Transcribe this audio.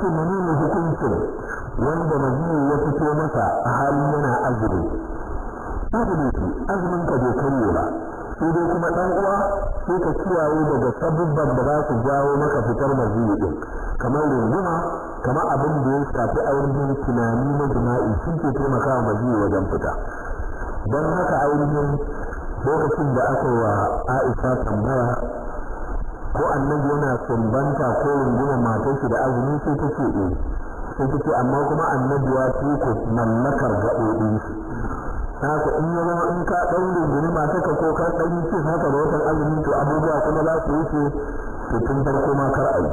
ce menene hukuncin wanda mazini ya fito masa a halin yana azumi azumi azumin ka bai karye ba sai dai kuma dan uwa sai ka kiyaye daga sabubban da za su jawo maka fitar maziyi din kamar runguma kamar abin da ya shafi ainihin tunani na jima'i sun ke taimaka wa mazini wajen fita don haka ainihin lokacin da aka wa aisha tambaya ko annabi yana sumbanta ko runguma matar da azumi sai ta ce eh sai ta ce amma kuma annabi ya tuko mallakar gaɓoɓin shi ku in ya zama in ka ɗan rungumi matar ka ko ka ɗan yi haka da watan azumi to abubuwa kuma za su wuce to tun farko ma kar a yi